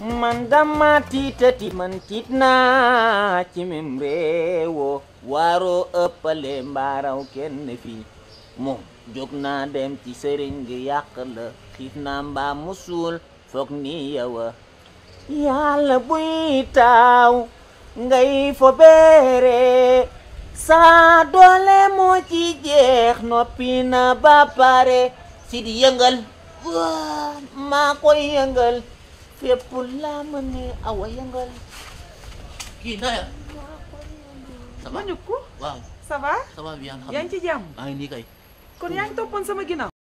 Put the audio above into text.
man dama tiitati man tiit naa ci mim réewoo waaroo ëppale mbaaraw kenn fii moom jóg naa dem ci sëriñ gi yàq la xiif naa mbaa musul foog ni yowa yàlla buy taaw ngay fo saa doole moo ci jeex noppi na ba pare di yëngal maa koy yëngal புல்லாமனே அவையங்கள் Kina ya? Sama nyuku? Wow. Sama? Sama biyan. Yang cijam? Ah, hindi kay. Kung yang tupon sama ginaw?